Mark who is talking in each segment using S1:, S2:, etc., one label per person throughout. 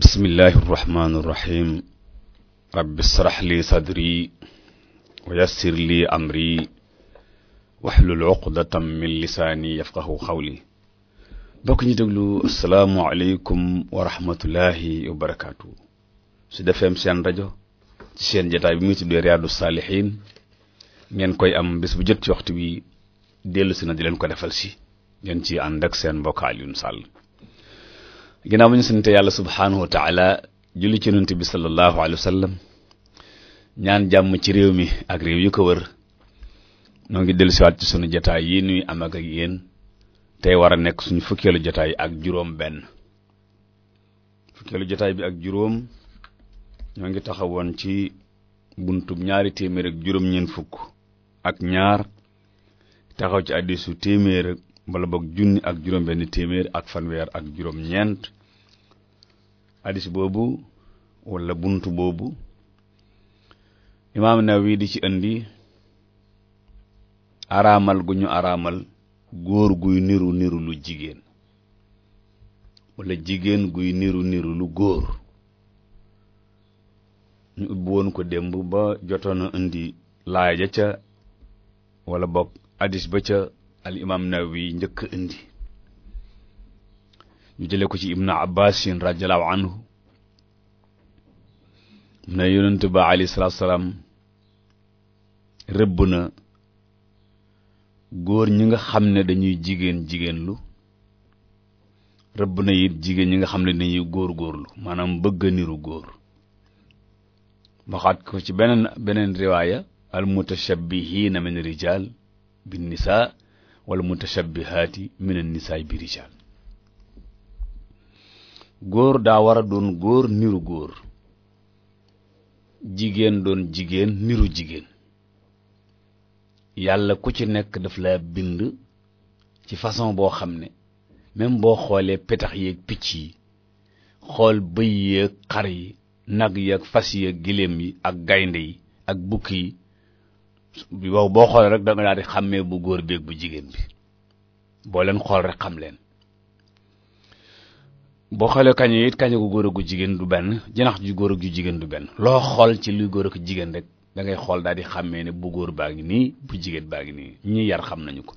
S1: bismillahi irrahmani irrahim rabbi israh li sadri wa yassir li amri waxlul uqdatam min lisaani yafqahu xawli bokk ñu déglu asalaamualeykum wa rahmatullahi wa barakaatu su defeem seen rajo ci seen jataay bi muy tuddee riyaadu saalihiin ngeen koy am bés bu jot ci waxtu bi dellu si na di leen ko defal si ngeen ci ànd ak seen mbokk Alioune Sall ginnaaw bu ñu sante yàlla subhaanahu wa taala julli ci yonent bi sallallahu alayhi wa sallam ñaan jàmm ci réew mi ak réew yu ko wër ñoo ngi dellu dellusiwaat ci sunu jataay yi nuy am ak tey war a nekk suñu fukkeelu jotaay ak juróom benn fukkeelu bi ak juróom ñoo ngi taxawoon ci buntub ñaari téeméer ak fukk ak ñaar taxaw ci addisu téeméer ak wala boog junni ak juróom benn téeméer ak fanweer ak juróom ñeent hadis boobu walla bunt boobu imaam Nawawi di ci indi araamal gu ñu araamal góor guy niru niru lu jigéen wala jigéen guy niru niru lu góor ñu ubbi ko démb ba jotoon a indi laaja ca wala bokk hadis ba ca al imaam Nawawi njëkk indi ñu jële ko ci ibnu abbasin radiallahu anhu mu ne yonent ba alayhi salaam rëbb na góor ñi nga xam ne dañuy jigéen jigéen lu rëbb na it jigéen ñi nga xam ne dañuy góor góorlu maanaam bëgg niru góor waxaat ko ci beneen beneen riwaaya al mutashabbihiina min rijaal bin nisaa wal mutashabbihaati min an nisaa bi rijaal góor daa war a doon góor niru góor jigéen doon jigéen niru jigéen yàlla ku ci nekk daf la bind ci façon boo xam ne même boo xoolee petax yeeg picc yi xool bëy yeeg xar yi nag yeeg fas yeeg giléem yi ak gaynde yi ak bukki yi yow boo xoolee rek da nga di xàmmee bu góor beeg bu jigéen bi boo leen xool rek xam leen boo xoolee kañ yi it kañ gu góor gu jigéen du benn jinax ju góor gu jigéen du benn loo xool ci luy góor ak jigéen rek da ngay xool daal di xàmmee ne bu góor baa ngi nii bu jigéen baa ngi nii ñi yar xam nañu ko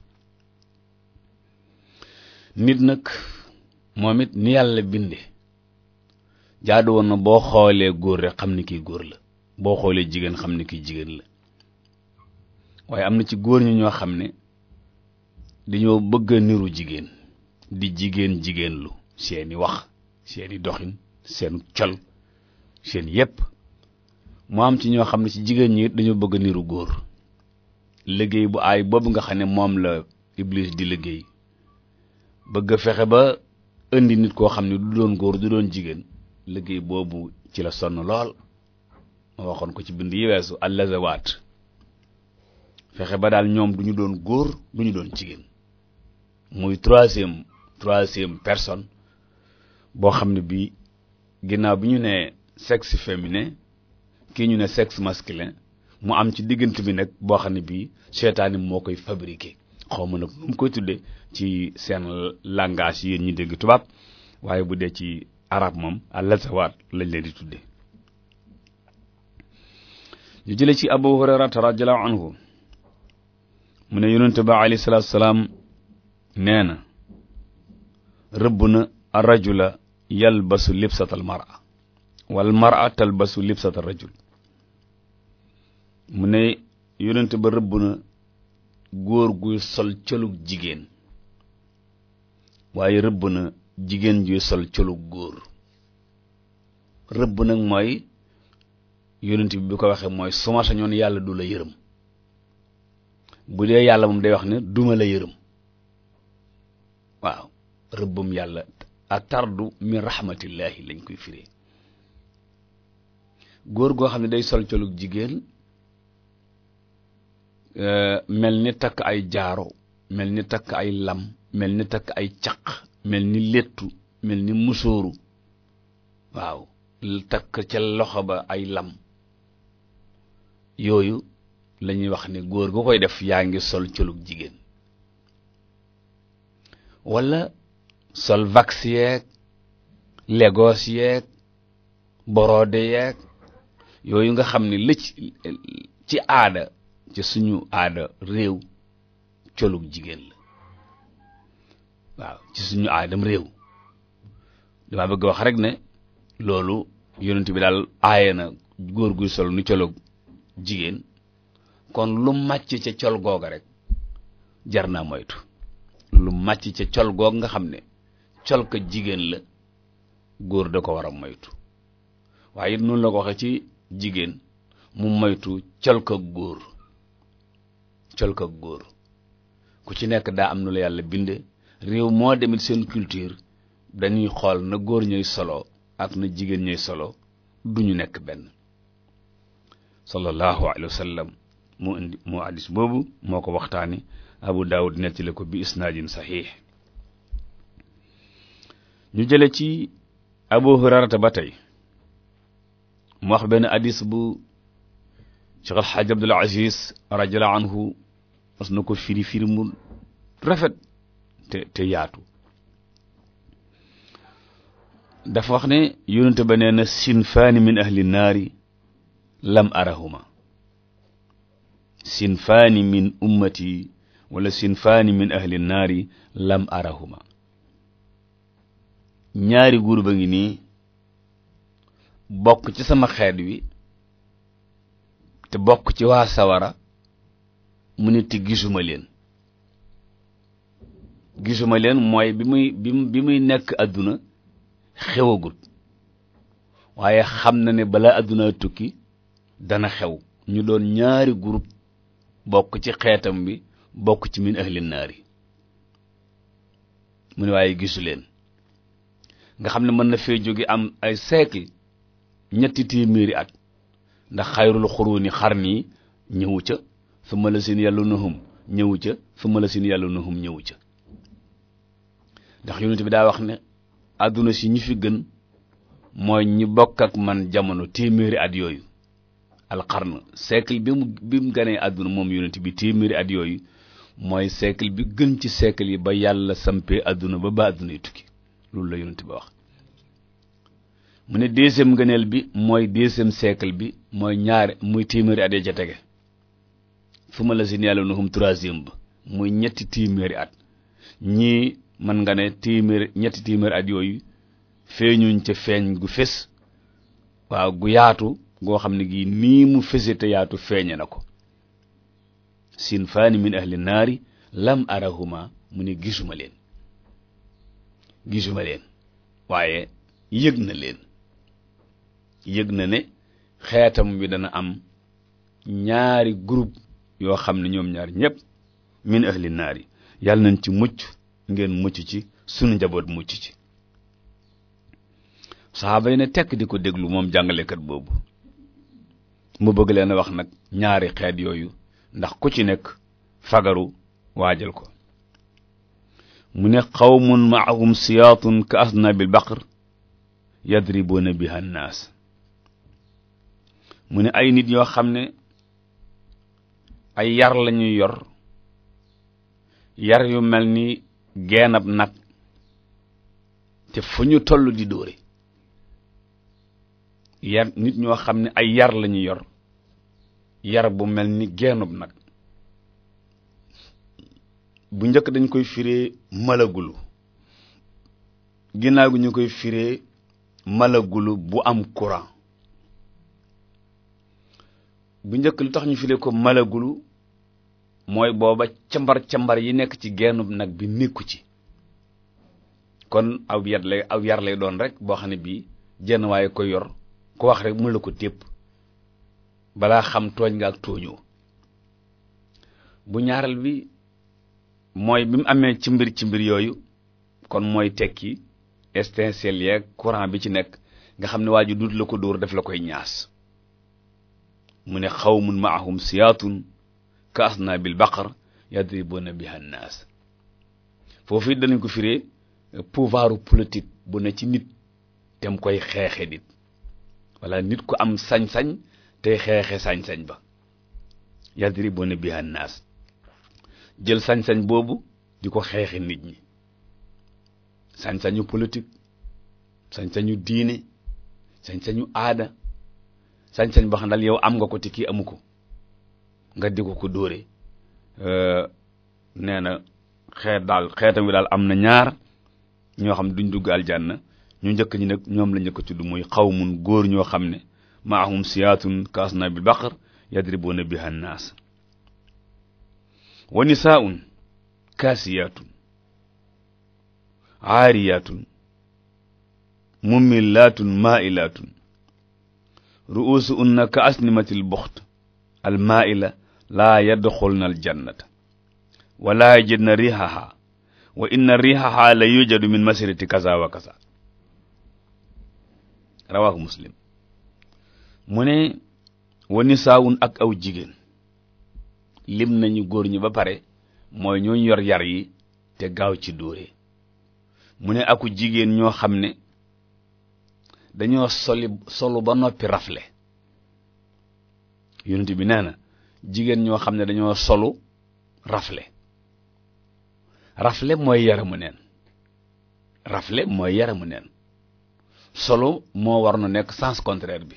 S1: nit nag moom it ni yàlla binde jaadu woon na boo xoolee góor rek xam ni kii góor la boo xoolee jigéen xam ni kii jigéen la waaye am na ci góor ñi ñoo xam ne dañoo bëgg a niru jigéen di jigéen jigéen lu seeni wax seeni doxin seen col seen yépp moo am ci ñoo xam ne ci jigéen ñi dañoo bëgg niru góor liggéey bu aay boobu nga xam ne moom la Iblis di liggéey bëgg fexe ba indi nit koo xam ne du doon góor du doon jigéen liggéey boobu ci la sonn lool ma waxoon ko ci bind yi weesu allazawaat fexe ba daal ñoom duñu doon góor du ñu doon jigéen muy troisième troisième personne boo xam ne bii ginnaaw bi ñu nee sexe féminin kii ñu ne sexe masculin mu am ci diggante bi nag boo xam ne bii seytaane moo koy fabriqué xaw ma nag mu koy tuddee ci seen langage yéen ñu dégg tubaab waaye bu dee ci arab moom alazawaat lañ leen di tudde ñu jële ci abu hurairata radiyallahu anhu mu ne yonente ba alayhi salaatu salaam nee na rëbb na arrajula yalbasu libsatal mar'a wal mar'a basu libsatal rajul mu ne yonent ba rëbb na góor guy sol colug jigéen waaye rëbb na jigéen juy sol colug góor rëbb nag mooy yonant bi bu ko waxee mooy su ma sañoon yàlla du la yërëm bu dee yàlla moom day wax ne duma la yërëm waaw rëbbum yàlla a atardu mi rahmatillahi lañ koy firee góor goo xam ne day sol colug jigéen euh, mel ni takk ay jaaro mel ni takk ay lam mel ni takk ay caq mel ni léttu mel ni musóoru waaw takk ca loxo ba ay lam yooyu lañuy wax ne góor gu koy def yaa ngi sol colug jigéen wala sol vax yeeg legos yeeg borode yeeg yooyu nga xam ne la ci aada ci suñu aada réew colug jigéen la waaw ci suñu aadam réew dama bëgg wax rek ne loolu yonent bi daal aaye na góor guy sol ni colug jigéen kon lu màcc ca col googa rek jar naa moytu lu màcc ca col goog nga xam ne col jigéen la góor da ko war a moytu waaye it noonu la ko waxee ci jigéen mu moytu col góor col góor ku ci nekk daa am nu la yàlla binde réew moo demit seen culture dañuy xool na góor ñuy solo ak na jigéen ñuy solo du ñu nekk benn sallallahu alayhi wa sallam moo indi moo addis boobu moo ko waxtaani Abu Dawud nettali ko bi isnaadin saxiix ñu jële ci abu hurairata ba tey mu wax benn hadis bu cheikh alxaaj abdul aziz radiallahu anhu mas na ko firi firi mu rafet te yaatu dafa wax ne yonente ba nee sinfaani min ahli naari lam arahuma sinfaani min ummati wala sinfaani min ahli naari lam arahuma ñaari gurub a ngi nii bokk ci sama xeet wi te bokk ci waa sawara mu ne te gisuma leen gisuma leen mooy bi muy bi muy nekk àdduna xewagut waaye xam na ne bala àdduna tukki dana xew ñu doon ñaari groupe bokk ci xeetam wi bokk ci min ahli naari mu ne waaye gisu leen nga xam ne mën na fee jóge am ay siècle ñetti téeméeri at ndax xayrul xuruni xarni ñëwu ca summa la seen yàlla nahum ñëwu ca summa la seen yàlla nahum ñëwu ca ndax yonent bi daa wax ne àdduna si ñi fi gën mooy ñi bokk ak man jamono téeméeri at yooyu alxarn siècle bi mu bi mu ganee àdduna moom yonent bi téeméeri at yooyu mooy siècle bi gën ci siècle yi ba yàlla sampee àdduna ba ba àdduna yi tukki loolu la yonent ba wax mu ne deuxième ngëneel bi mooy deuxième siècle bi mooy ñaar muy téeméeri at ya ca tege fu ma la si yàlla na hum troisième ba muy ñetti téeméeri at ñii mën nga ne téeméer ñetti téeméeri at yooyu feeñuñ ca feeñ gu fés waaw gu yaatu goo xam ne gii nii mu fese te yaatu feeñe na ko sinfaani min ahli naari lam arahuma mu ne gisuma leen gisuma leen waaye yëg na leen yëg na ne xeetam bi dana am ñaari groupe yoo xam ne ñoom ñaar ñëpp min ahli naar yi yàlla nañ ci mucc ngeen mucc ci sunu njaboot mucc ci saxaaba yi ne tekk di ko déglu moom jàngalekat boobu mu bëgg leen a wax nag ñaari xeet yooyu ndax ku ci nekk fagaru waajal ko mu ne qawmun maahum siyaatun ka asnaabil baqar yadribuuna biha nnaas mu ne ay nit ñoo xam ne ay yar lañuy yor yar yu mel ni geenab nag te fu ñu toll di dóore yar nit ñoo xam ne ay yar lañuy yor yar bu mel ni geenub nag bu njëkk dañu koy fire malagulu ginnaaw gi ñu koy fire malagulu bu am courant bu njëkk lu tax ñu firee ko malagulu mooy booba cambar cambar yi nekk ci gennub nag bi mékku ci kon ab yar lay aw doon rek boo xam ne bii jenn waaye ko yor ku wax rek mën la ko tépp balaa xam tooñ nga ak tooñoo bu ñaareel bi mooy bi mu amee ci mbir ci mbir yooyu kon mooy tekki extincelle yeeg courant bi ci nekk nga xam ne waa ji duut la ko dóor def la koy ñaas mu ne xaw xawmun maahum siyaatun na asnaabil baqar yadribuna bi nnaas foofu it danañ ko firee euh, pouvoiru politique bu ne ci nit dem koy xeexe nit walla nit ku am sañ-sañ tey xeexe sañ-sañ ba yadribuna biha nnaas jël sañ-sañ boobu di ko xeexi nit ñi sañ-sañu politique sañ-sañu diine sañ-sañu aada sañ-sañ boo xam daal yow am nga ko te kii amu ko nga di ko ko dóore euh, nee na xeet daal xeetam wi daal am na ñaar ñoo xam duñ dugg aljanna ñu njëkk ñi nag ñoom la njëkk tudd muy xaw xawmun góor ñoo xam ne maahum siyaatun na bil baqar yadribuna biha an-nas wa nisaa'un kaasiyatun aariyatun mumillatun ma'ilatun ru'usuhunna ka asnimatil bukht al ma'ila laa yadxulna al jannata wala yajidna rihaha wa inna rihaha la yujadu min masirati kaza wa kaza rawahu muslim mu ne wa nisaa'un ak aw jigéen lim nañu góor ñi ba pare mooy ñooñu yor yar yi te gaaw ci dóore mu ne aku jigéen ñoo xam ne dañoo soli solu ba noppi rafle yonent bi nee na jigéen ñoo xam ne dañoo solu rafle rafle mooy yaramu neen rafle mooy yaramu neen solo moo war na nekk sens contraire bi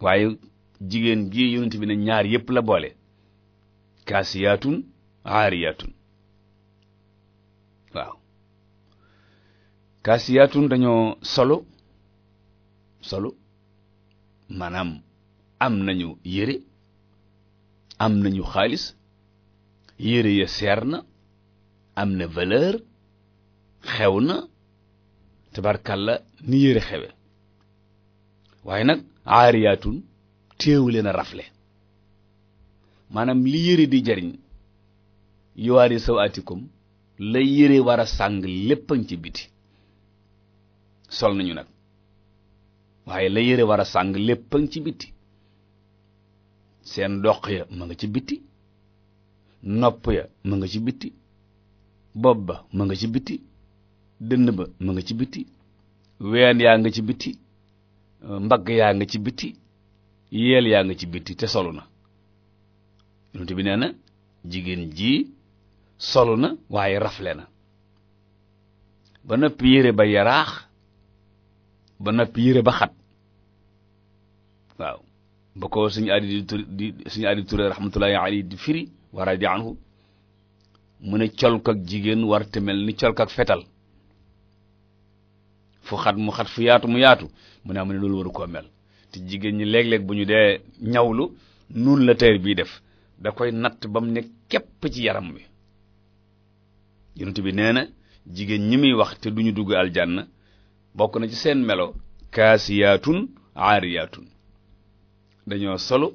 S1: waaye jigéen gi yonent bi ne ñaar yépp la boole kaasiyaatun aariyaatun waaw kaasiyaatun dañoo solo solo maanaam am nañu yére am nañu xaalis yére ya seer na am na valeur xew na tabarkalla ni yére xewe waaye nag aariyaatun téewu leen a rafle maanaam li yére di jariñ yuwaari saw atikum la yére war a sàng léppañ ci biti sol nañu nag waaye la yére war a sàng léppañ ci biti seen doq ya ma nga ci biti nopp ya ma nga ci biti bopp ba ma nga ci biti dënn ba ma nga ci biti ween yaa nga ci biti mbagg yaa nga ci biti yeel yaa nga ci biti te solu na yonent bi nee na jigéen ji solu na waaye rafle na ba noppi yére ba yaraax ba noppi yére ba xat waaw ba ko suñu addi di tur di suñu addi turé rahmatullahi alayhi di firi war a di anhu mu ne colk ak jigéen war te ni colk ak fetal fu xat mu xat fu yaatu mu yaatu mu ne am ne loolu waru koo mel te jigéen ñi léeg-léeg bu ñu dee ñawlu nun la teer bii def da koy natt ba mu ne képp ci yaram wi yonent bi nee na jigéen ñi muy wax te duñu dugg aljanna bokk na ci seen melo kaasiyaatun aariyaatun dañoo solo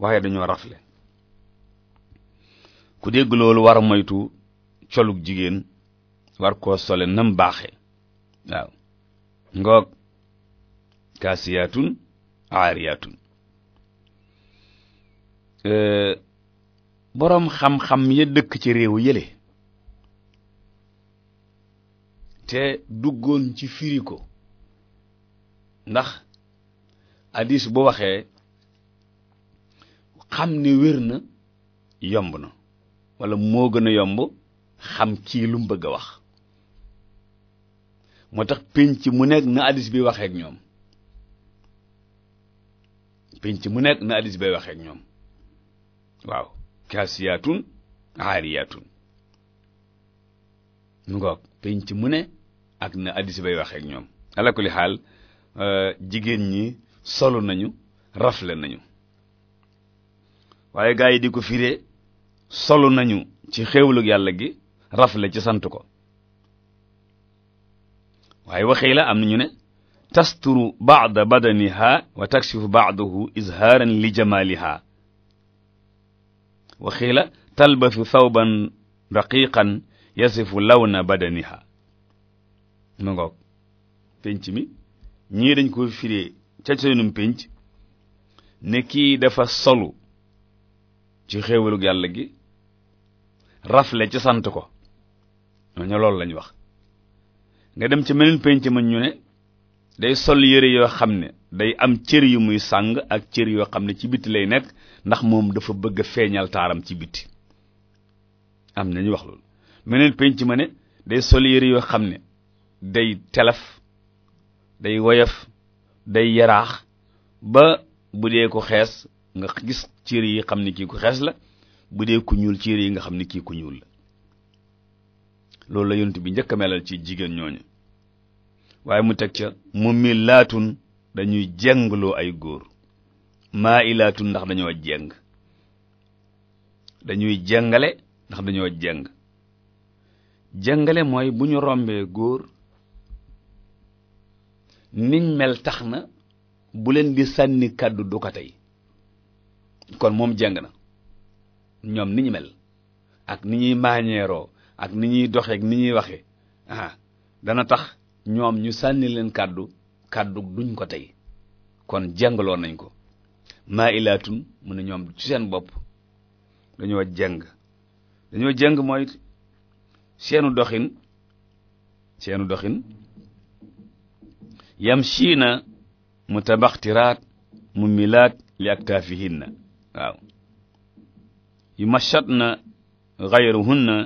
S1: waaye dañoo rafle ku dégg loolu war a moytu colug jigéen war koo sole nam baaxe waaw ngoog kaasiyaatun aariyaatun boroom xam-xam ya dëkk ci réew yële te duggoon ci firi ko ndax hadis bu waxee xam ni wér na yomb na walla moo gën a yomb xam kii lu mu bëgg a wax moo tax pénc mu nekk na hadis bi waxee ak ñoom pénc mu nekk na hadis bay waxee ak ñoom waaw kaasiyaatun aariyaatun mu ngoog penc mu ne ak na addis bay waxee ñoom ala kulli xaal euh, jigéen ñi solu nañu rafle nañu waaye gaa yi di ko firee solu nañu ci xéewlug yàlla gi rafle ci sant ko waaye waxee am na ñu ne tastur ba'da badaniha wa takshifu ba'dahu izharan li jamaliha wa xiila talbasu thawban raqiqan yasifu lawna badaniha ma ngoog penc mi ñii dañ ko firee ca seenum pénc ne kii dafa solu ci xéewalug yàlla gi rafle ci sant ko ñooñu loolu lañ wax nga dem ci meneen penc ma ñu ne day sol yére yoo xam ne day am cër yu muy sàng ak cër yoo xam ne ci bitti lay nekk ndax moom dafa bëgg a feeñal taaram ci bitti am nañu ñu wax loolu meneen penc ma ne day sol yére yoo xam ne day telef day woyof day yaraax ba bu dee ko xees nga gis cër yi xam ne kii ku xees la bu dee ku ñuul cër yi nga xam ne kii ku ñuul la loolu la yonent bi njëkk a melal ci jigéen ñooñu waaye mu teg ca mu milaatun dañuy jengloo ay góor maa ilaatun ndax dañoo jëng dañuy jëngale ndax dañoo jëng jëngale mooy bu ñu rombee góor niñ mel tax na bu leen di sànni kàddu du ko tey kon moom jëng na ñoom ni mel ak ni ñuy maañeeroo ak ni ñuy doxee ak ni ñuy waxee ah dana tax ñoom ñu sànni leen kàddu kàddu duñ ko tey kon jàngaloon nañ ko maa ilaatun mu ne ñoom ci seen bopp dañoo jëng dañoo jëng mooy seenu doxin seenu doxin yam siina mu tabaxtiraat mu milaat li aktaafihinna waaw yu machat na gayruhunna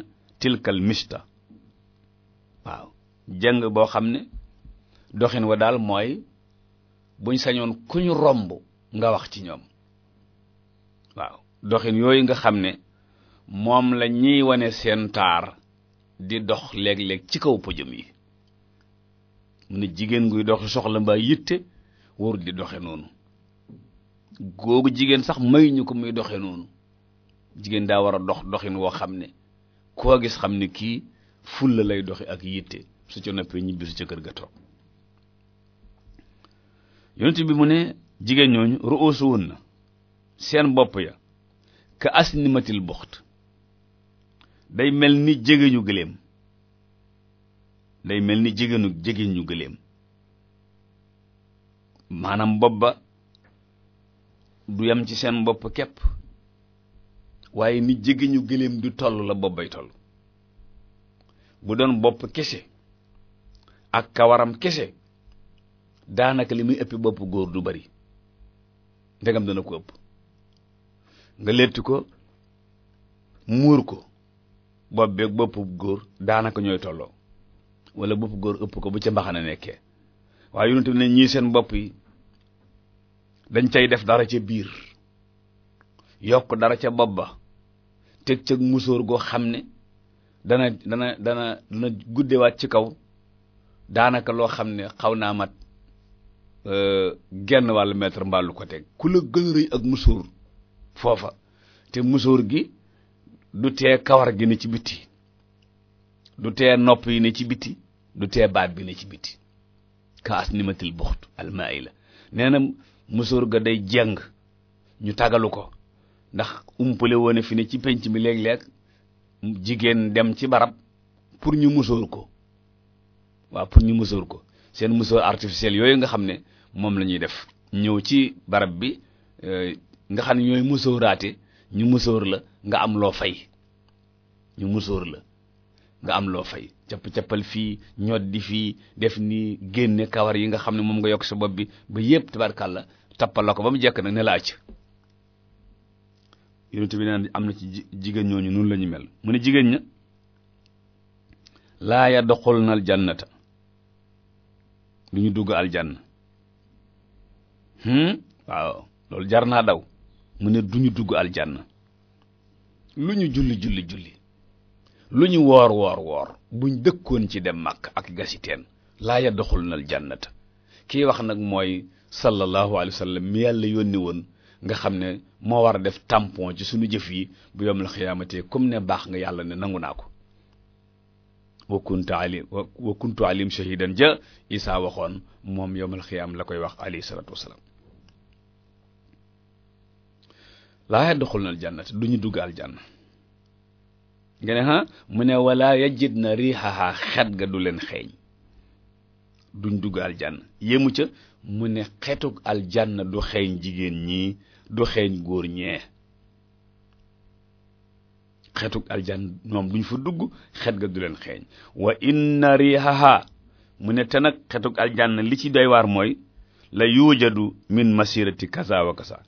S1: tilkal mista waaw jàng boo xam ne doxin wa daal mooy buñ sañoon ku ñu romb nga wax ci ñoom waaw doxin yooyu nga xam ne moom la ñiy wane seen taar di dox léeg-léeg ci kaw pëjëm yi mu ne jigéen guy dox soxla mbaa yitte warul di doxe noonu googu jigéen sax may ko muy doxe noonu jigéen daa war a dox doxin woo xam ne koo gis xam ne kii fulla lay doxe ak yitte su ca noppee ñibbi su ca kër ga toog yonent bi mu ne jigéen ñooñu ru'usuhun la seen bopp ya ka asnimatil buxt day mel ni jégéñu gëléem day mel ni jégéenu jégéñu gëléem maanaam bopp ba du yem ci seen bopp képp waaye ni jégéñu gëléem du toll la bopp bay toll bu doon bopp kese ak kawaram kese daanaka li muy ëpp bopp góor du bari ndegam dana ko ëpp nga létti ko muur ko bopp beeg bopp góor daanaka ñooy tolloo walla bopp góor ëpp ko bu ca mbaxana nekkee waaye yonent bi ne ñii seen bopp yi dañ cay def dara ca biir yokk dara ca bopp ba teg ca musóor goo xam ne dana dana dana dana guddewaat ci kaw daanaka loo xam ne xaw naa mat Euh, genn wàllu mètre mbaalu ko teg ku la gën a rëy ak musóor foofa te musóor gi du tee kawar gi ne ci bitti du tee nopp yi ne ci bitti du tee baat bi ne ci bitti kaas nimatil buxt almaa yi la nee na musóor ga day jeng ñu tagalu ko ndax umpale woon fi ni ci penc mi léeg lekk jigéen dem ci barab pour ñu musóor ko waa pour ñu musóor ko seen musóor artificiel yooyu nga xam ne moom lañuy def ñëw ci barab bi euh, nga xam ne ñooy musóoraate ñu musóor la nga am loo fay ñu musóor la nga am loo fay capp-cappal fii ñoddi fii def ni génne kawar yi nga xam ne moom nga yokk sa bopp bi ba yépp tabarkàlla tappal la ko ba mu jekk nag ne la acc yonent bi naan am na ci jigéen ñooñu noonu la mel mu ne jigéen ña laa yadxulna aljannata du ñu dugg aljanna Hmm? waaw loolu jar naa daw mu ne du dugg aljanna lu ñu julli julli julli lu ñu woor woor woor buñ dëkkoon ci dem màkk ak gasiteen laa ya doxul nal jannata kii wax nag mooy sallallahu alayhi wa sallam mi yàlla yónni woon nga xam ne moo war a def tampon ci suñu jëf yi bu yom la xiyaamatee comme ne baax nga yàlla ne nangu naa ko wa kuntu alim wa kuntu ja isaa waxoon moom yowmal xiyaam la koy wax alayhi salatu wasalaam laa yadxuluna aljannata du ñu dugg aljanna nga ne ha mu ne wala na rihaha xet ga du leen xeeñ duñ dugg aljanna yéemu ca mu ne xetug aljanna du xeeñ jigéen ñi du xeeñ góor ñee xetug aljanna ñoom duñ fa dugg xet ga du leen xeeñ wa inna rihaha mu ne te nag xetug aljanna li ci doy waar mooy la yujadu min masirati kaza wa kaza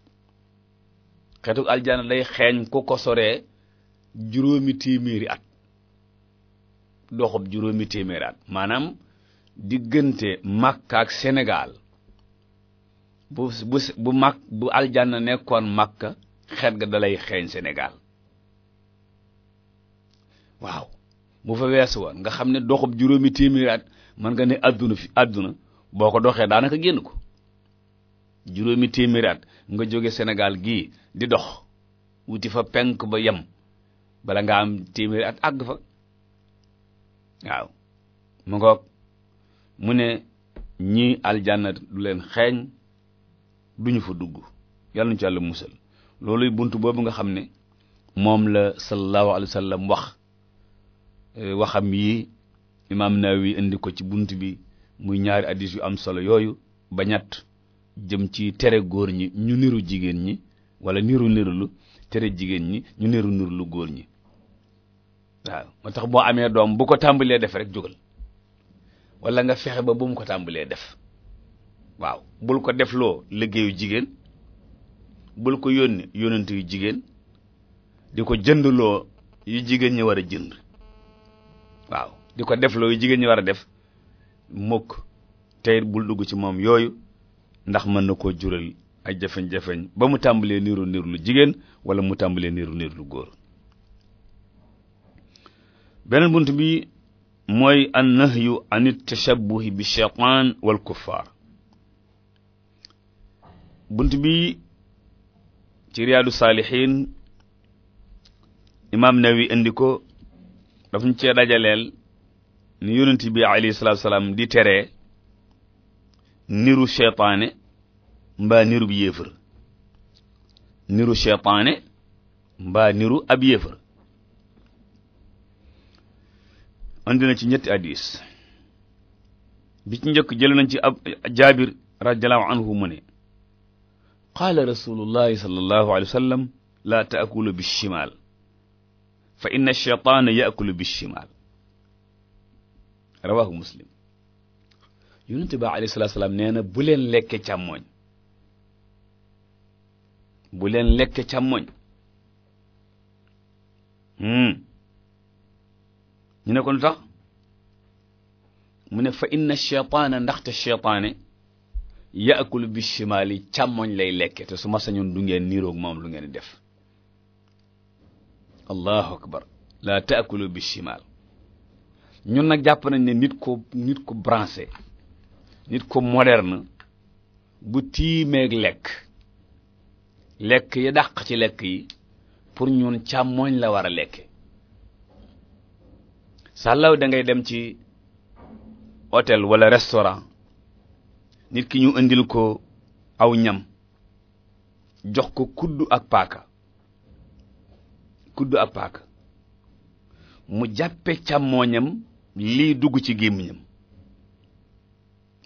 S1: xetu aljana lay xeeñ ku ko soree juróomi téeméeri at doxub juróomi téeméeri at maanaam diggante Makka ak Sénégal bu bu bu mak bu aljana nekkoon Makka xet ga dalay xeeñ Sénégal waaw bu fa weesu woon nga xam ne doxub juróomi téeméeri at mën nga ne àdduna fi àdduna boo ko doxee daanaka génn ko juróomi téeméeri at nga jóge Sénégal gi di dox wuti fa penk ba yem bala nga am téeméeri at àgg fa waaw mu ngoog mu ne ñi aljanna du leen xeeñ ñu fa dugg yàlla nu ci yàlla musal looluy bunt boobu nga xam ne moom la sallallahu alayhi wa sallam wax eh, waxam yi imaam wi indi ko ci bunt bi muy ñaari addis yu am solo yooyu ba ñett jëm ci tere góor ñi ñu niru jigéen ñi wala niru nirulu tere jigéen ñi ñu niru lu góor ñi waaw moo tax boo amee doom bu ko tàmbalee def rek jógal walla nga fexe ba bu mu ko tàmbalee def waaw bul ko defloo liggéeyu jigéen bul ko yónni yónnante yu jigéen di ko jëndloo yu jigéen ñi war a jënd waaw di ko defloo yu jigéen ñi war a def mukk tey bul dugg ci moom yooyu ndax mën na koo jural ay jafeñ-jafeñ ba mu tàmbalee niiru niru lu jigéen wala mu tàmbalee niiru niru lu góor beneen bunt bi mooy an nahyu an tashabbuhi bi shaytaan wal kuffaar bunt bi ci riyaadu saalihiin imaam Nawawi indi ko daf cee dajaleel ni yonent bi alayhi salaatu salaam di tere niru seytaane mbaa niru bi yéefar niru seytaane mbaa niru ab yéefar andi na ci ñetti bi ci njëkk jël nañ ci ab jaabir radiyallahu anhu mu ne qaala rasulullahi sallallahu alayhi wa sallam laa taakulu bishimaal fa inna shaytaana rawahu muslim yonent ba alayhi salaam nee na buleen leen lekke càmmoñ bu leen lekke càmmoñ hmm. ñu ne ko lu tax mu ne fa inna shaytaana ndaxte shaytaane yaakulu bi shimaali càmmoñ lay lekke te su ma sañoon du ngeen niroog moom lu ngeen def allahu akbar la taakulu bi shimaal ñun nag jàpp nañ nit ko nit ko nit ko moderne bu tiimeeg lekk lekk yi dàq ci lekk yi pour ñun càmmooñ la war a lekke sàllaw dangay dem ci hôtel walla restoran nit ki ñu indil ko aw ñam jox ko kuddu ak paaka kuddu ak paaka mu jàppe càmmooñam lii dugg ci gémmiñam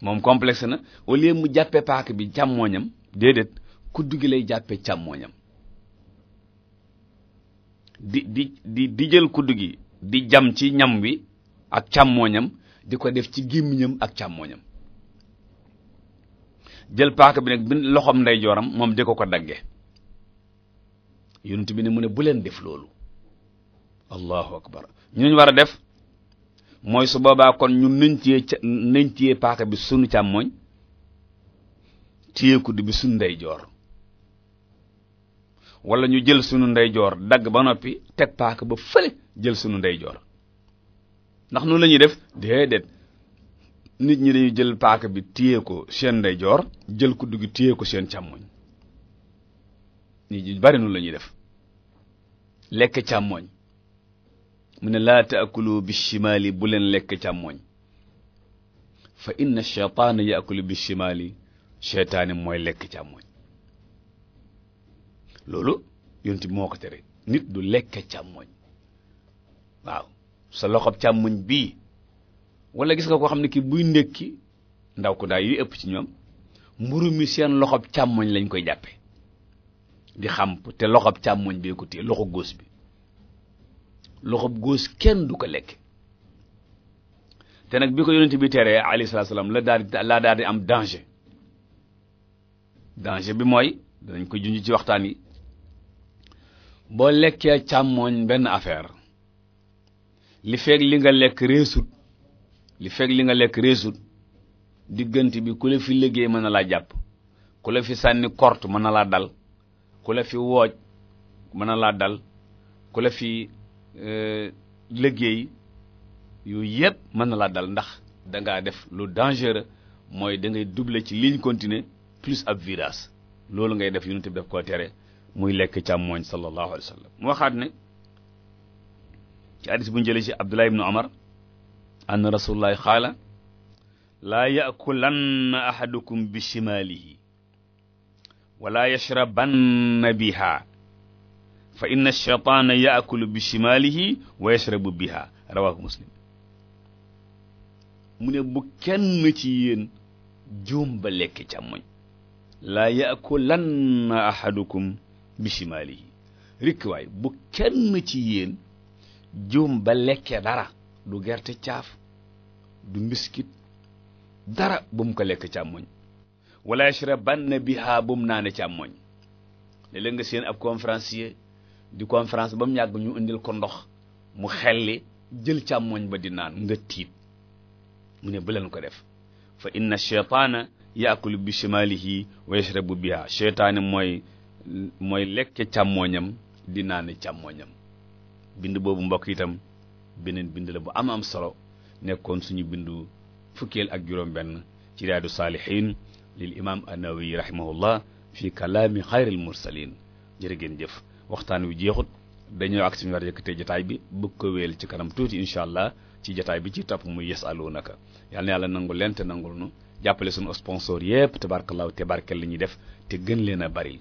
S1: moom complexe na au lieu mu jàppee paaka bi càmmooñam déedéet kuddu gi lay jàppee càmmooñam di di di jël kuddu gi di jam ci ñam wi ak càmmooñam di ko def ci gémmiñam ak càmmooñam jël paaka bi nag bi loxoom ndeyjooram moom di ko ko dagge yonent bi ne mu ne bu leen def loolu allahu akbar ñu war a def mooy su boobaa kon ñun nañ téye ca nañ téye paaka bi sunu càmmoñ téye kudd bi sunu ndeyjoor wala ñu jël sunu ndeyjoor dagg ba noppi teg paaka ba fële jël sunu ndeyjoor ndax noonu lañuy def déedéet nit ñi lañuy jël paaka bi téye ko seen ndeyjoor jël kudd gi téye ko seen càmmoñ nit ñi bari nu lañuy def lekk càmmoñ. mu ne laa taakulu bi shimaali bu leen lekk càmmoñ fa inna shaytaana yaakulu bi shimaali shaytaani mooy lekk càmmoñ loolu yonent bi moo ko tere nit du lekk càmmooñ waaw sa loxob càmmoñ bii wala gis nga koo xam ne kii buy ndékki ndaw ko daay yi ëpp ci ñoom mburu mi seen loxob càmmoñ lañ koy jàppe di xàmp te loxob càmmooñ bee ko téye loxo góos bi loxob góos kenn du ko lekk te nag bi ko yonent bi teree alayhi salaatu salaam la daal di daal di am danger danger bi mooy danañ ko junj ci waxtaan yi boo lekkee càmmooñ benn affaire li feeg li nga lekk reesut li feeg li nga lekk reesut diggante bi ku la fi liggéey mën na laa jàpp ku la fi sànni kort mën a laa dal ku la fi wooj mën na laa dal ku la fi Euh, liggéey yu yëpp mën na laa dal ndax dangaa def lu dangereux mooy da ngay doubler ci ligne continue plus ab virage loolu ngay def yonent bi daf koo tere muy lekk càmmooñ sallallahu alayhi wa sallam mu waxaat ne ci hadis bu njële ci Abdullah ibn Umar anna rasulullahi qaala laa ya'kulanna ahadukum bi shimaalihi wala yashrabanna biha fa inna shaytaana yaakulu bi shimaalihi wa yashrabu biha rawaahu muslim mu ne bu kenn ci yéen juum ba lekk càmmoñ laa yaakulanna ahadukum bi shimaalihi rikk waay bu kenn ci yéen juum ba lekkee dara du gerte caaf du miskit dara bu mu ko lekk càmmoñ wala yashrabanna biha bu mu naane càmmoñ léeg-léeg nga seen ab conférencier di conférence ba mu yàgg ñu indil ko ndox mu xelli jël càmmoñ ba di naan nga tiit mu ne bëleen ko def fa inna shaytaana yaakulu bi shimalihi wa yashrabu biha shaytaani mooy mooy lekke càmmooñam di naan càmmooñam bind boobu mbokk itam beneen bind la bu am am solo nekkoon suñu bindu fukkeel ak juróom benn ci riyaadu saalihiin lil imam an-Nawawi rahimahullah fi kalaami xayril mursalin jërë ngeen jëf waxtaan wi jeexut dañoo ak suñu war te jotaay bi bëgg ko wéel ci kanam tuuti incha allah ci jataay bi ci topp muy yes alu naka yal na yàlla nangu leen te nangul nu jàppale suñu sponsor yépp tabarkalaaw te barkeel li ñuy def te gën leen a bari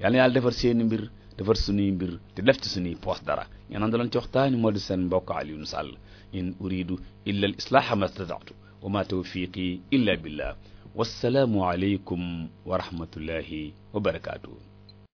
S1: yal na yàlla defar seeni mbir defar suñuy mbir te def ci suñuy poos dara ñaan andaloon ci waxtaani moo di seen mbokk Alioune Sall in uridu illa al islaaha ma stata'tu wa ma tawfiqi illa billah wassalaamu aleykum wa rahmatullahi wa barakaatuh